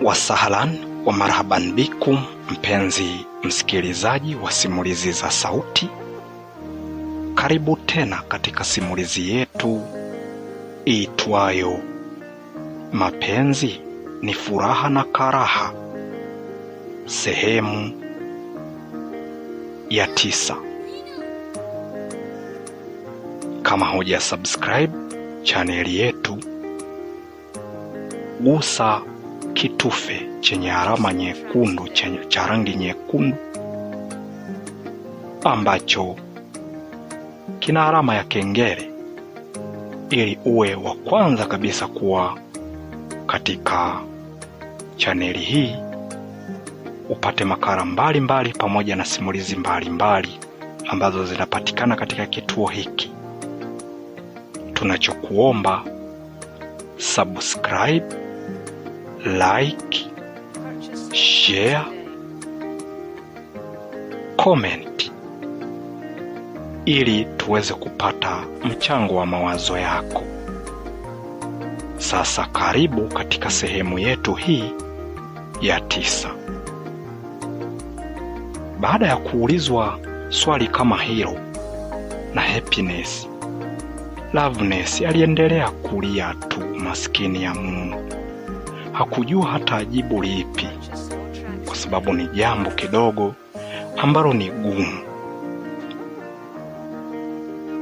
Wasahalan wa marhaban bikum, mpenzi msikilizaji wa simulizi za sauti, karibu tena katika simulizi yetu iitwayo Mapenzi ni Furaha na Karaha, sehemu ya tisa. Kama hoja subscribe chaneli yetu, gusa kitufe chenye alama nyekundu cha rangi nyekundu ambacho kina alama ya kengele ili uwe wa kwanza kabisa kuwa katika chaneli hii upate makala mbalimbali mbali, pamoja na simulizi mbalimbali mbali, ambazo zinapatikana katika kituo hiki. Tunachokuomba subscribe like, share, comment ili tuweze kupata mchango wa mawazo yako. Sasa karibu katika sehemu yetu hii ya tisa. Baada ya kuulizwa swali kama hilo na Happiness, Loveness aliendelea kulia tu, maskini ya Mungu. Hakujua hata ajibu lipi, kwa sababu ni jambo kidogo ambalo ni gumu.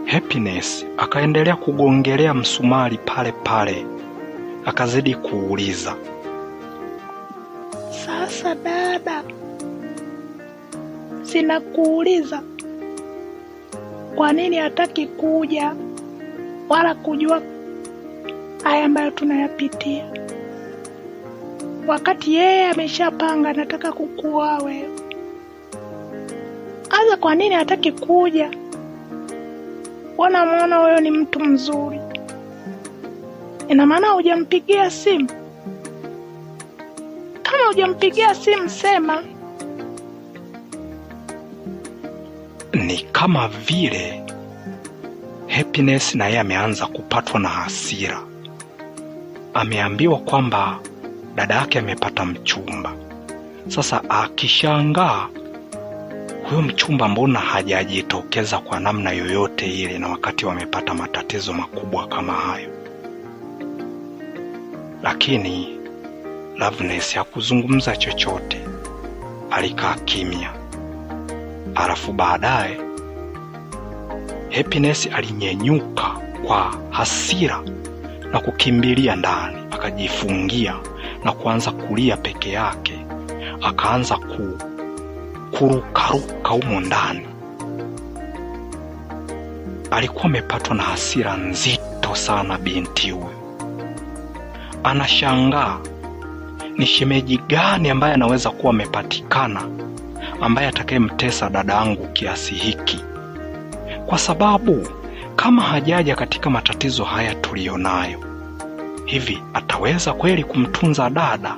Happiness akaendelea kugongelea msumari pale pale, akazidi kuuliza, sasa dada, sinakuuliza kwa nini hataki kuja wala kujua haya ambayo tunayapitia? wakati yeye ameshapanga anataka kukuoa wewe. Aza, kwa nini hataki kuja? Wanamwona wewe ni mtu mzuri, ina maana hujampigia simu? Kama hujampigia simu, sema ni kama vile Happiness na yeye ameanza kupatwa na hasira, ameambiwa kwamba dada yake amepata mchumba. Sasa akishangaa huyo mchumba, mbona hajajitokeza kwa namna yoyote ile, na wakati wamepata matatizo makubwa kama hayo. Lakini Loveness hakuzungumza chochote, alikaa kimya. Alafu baadaye Happiness alinyenyuka kwa hasira na kukimbilia ndani, akajifungia na kuanza kulia peke yake, akaanza ku kurukaruka humo ndani. Alikuwa amepatwa na hasira nzito sana. Binti huyu anashangaa ni shemeji gani ambaye anaweza kuwa amepatikana ambaye atakayemtesa dada yangu kiasi hiki, kwa sababu kama hajaja katika matatizo haya tuliyonayo hivi ataweza kweli kumtunza dada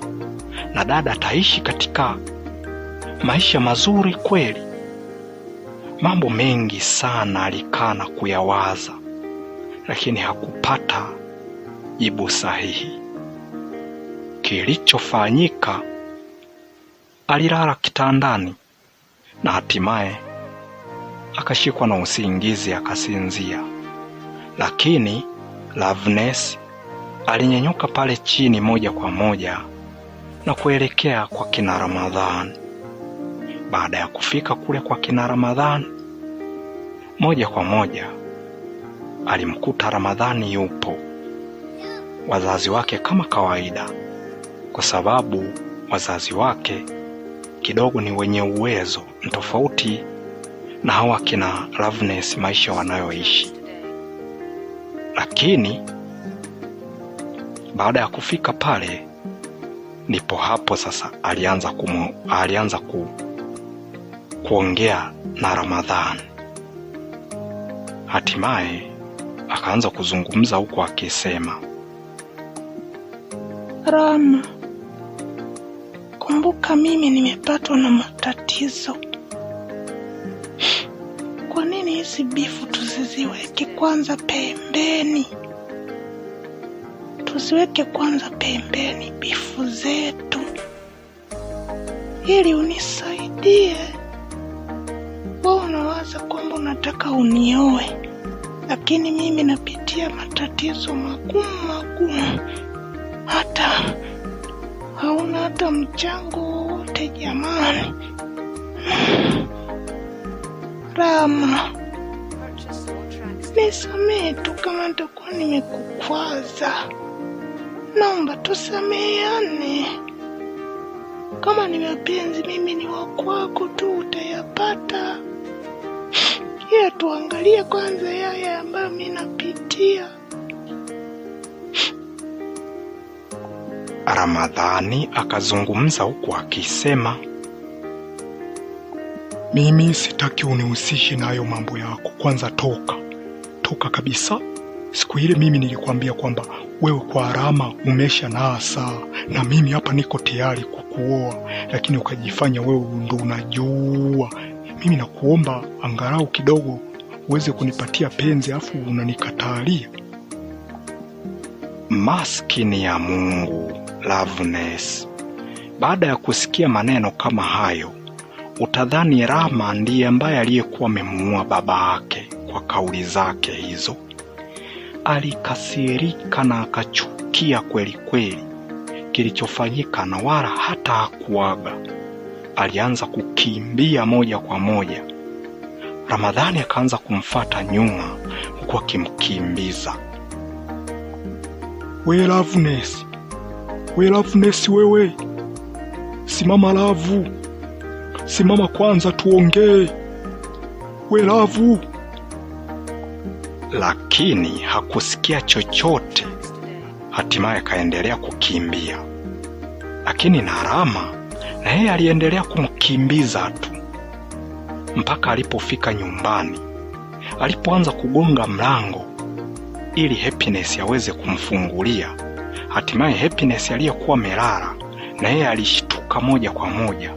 na dada ataishi katika maisha mazuri kweli? Mambo mengi sana alikaa na kuyawaza, lakini hakupata jibu sahihi. Kilichofanyika, alilala kitandani na hatimaye akashikwa na usingizi akasinzia, lakini Loveness alinyanyuka pale chini moja kwa moja na kuelekea kwa kina Ramadhan. Baada ya kufika kule kwa kina Ramadhan, moja kwa moja alimkuta Ramadhani yupo, wazazi wake kama kawaida, kwa sababu wazazi wake kidogo ni wenye uwezo tofauti na hawa kina Loveness maisha wanayoishi, lakini baada ya kufika pale, ndipo hapo sasa alianza kumu, alianza ku, kuongea na Ramadhani. Hatimaye akaanza kuzungumza huku akisema, Rama, kumbuka mimi nimepatwa na matatizo. Kwa nini hizi bifu tuziziweke kwanza pembeni? usiweke kwanza pembeni bifu zetu ili unisaidie. Wewe unawaza kwamba unataka unioe, lakini mimi napitia matatizo magumu magumu, hata hauna hata mchango wowote jamani. Rama, nisamehe tu kama nitakuwa nimekukwaza naomba tusameane. Kama ni mapenzi, mimi ni wa kwako tu, utayapata hiyo. Tuangalie kwanza yaya ambayo mimi napitia. Ramadhani akazungumza huku akisema, mimi sitaki unihusishe nayo mambo yako, kwanza toka toka kabisa. Siku ile mimi nilikwambia kwamba wewe kwa harama umesha naa saa, na mimi hapa niko tayari kukuoa, lakini ukajifanya wewe ndo unajua. Mimi nakuomba angalau kidogo uweze kunipatia penzi, afu unanikatalia. Maskini ya Mungu, Loveness, baada ya kusikia maneno kama hayo, utadhani Rama ndiye ambaye aliyekuwa amemuua baba yake kwa kauli zake hizo. Alikasirika na akachukia kweli kweli kilichofanyika na wala hata hakuaga. Alianza kukimbia moja kwa moja. Ramadhani akaanza kumfata nyuma huku akimkimbiza. We Loveness, we Loveness, wewe simama, Lavu simama kwanza tuongee, we Lavu lakini hakusikia chochote. Hatimaye kaendelea kukimbia, lakini rama na yeye aliendelea kumkimbiza tu mpaka alipofika nyumbani. Alipoanza kugonga mlango ili Happiness aweze kumfungulia, hatimaye Happiness aliyekuwa melala na yeye alishtuka moja kwa moja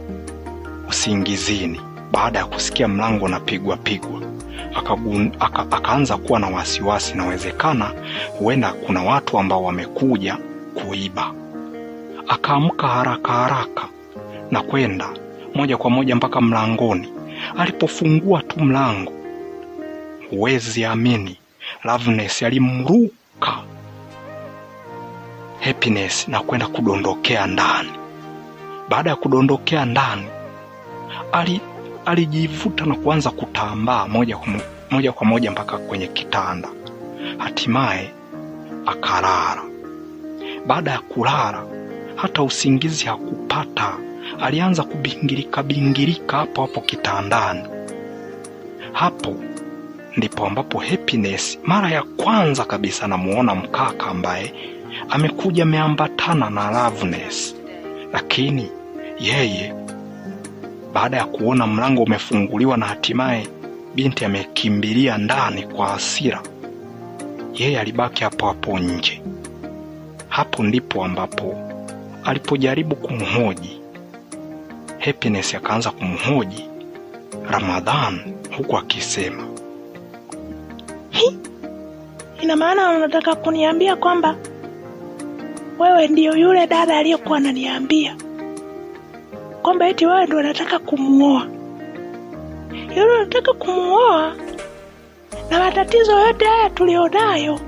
usingizini baada ya kusikia mlango na pigwa pigwa akaanza aka, akaanza kuwa na wasiwasi, nawezekana huenda kuna watu ambao wamekuja kuiba. Akaamka haraka haraka na kwenda moja kwa moja mpaka mlangoni. Alipofungua tu mlango, huwezi amini, Loveness alimruka Happiness na kwenda kudondokea ndani. Baada ya kudondokea ndani ali alijivuta na kuanza kutambaa moja kwa moja kwa moja mpaka kwenye kitanda. Hatimaye akalala. Baada ya kulala, hata usingizi hakupata. Alianza kubingirika bingirika hapo hapo kitandani. Hapo ndipo ambapo Happiness mara ya kwanza kabisa namuona mkaka ambaye amekuja ameambatana na Loveness, lakini yeye baada ya kuona mlango umefunguliwa na hatimaye binti amekimbilia ndani kwa hasira, yeye alibaki hapo hapo nje. Hapo ndipo ambapo alipojaribu kumhoji Happiness, akaanza kumhoji Ramadhan huku akisema hi, ina maana unataka kuniambia kwamba wewe ndiyo yule dada aliyokuwa ananiambia kwamba eti wao ndio wanataka kumuoa. Yule yaani wanataka kumuoa, na matatizo yote haya tulionayo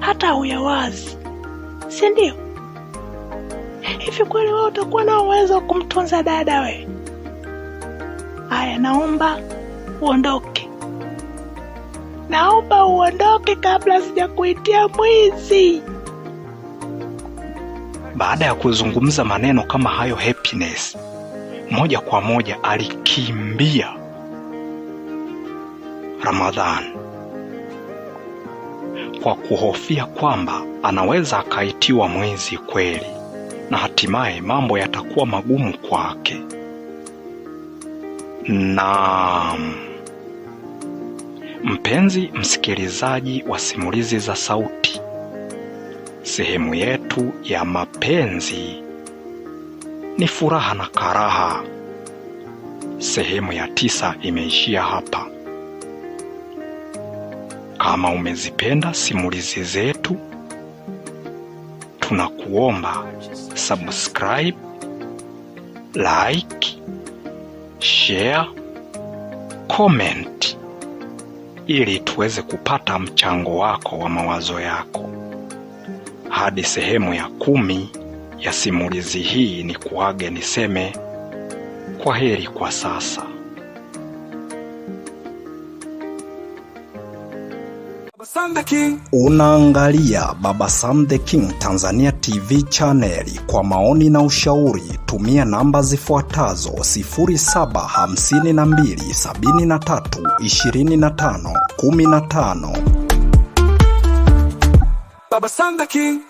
hata uyawazi, si ndio? Hivi kweli wewe utakuwa na uwezo wa kumtunza dada we? Aya, naomba uondoke, naomba uondoke kabla sijakuitia mwizi. Baada ya kuzungumza maneno kama hayo, Happiness moja kwa moja alikimbia Ramadhani kwa kuhofia kwamba anaweza akaitiwa mwizi kweli na hatimaye mambo yatakuwa magumu kwake. Na mpenzi msikilizaji wa simulizi za sauti, sehemu yetu ya mapenzi ni furaha na karaha. Sehemu ya tisa imeishia hapa. Kama umezipenda simulizi zetu, tunakuomba subscribe, like, share, comment ili tuweze kupata mchango wako wa mawazo yako. Hadi sehemu ya kumi ya simulizi hii ni kuage niseme kwa heri kwa sasa. Unaangalia Baba Sam the King Tanzania TV channel. Kwa maoni na ushauri tumia namba zifuatazo 0752732515. Baba Sam the King.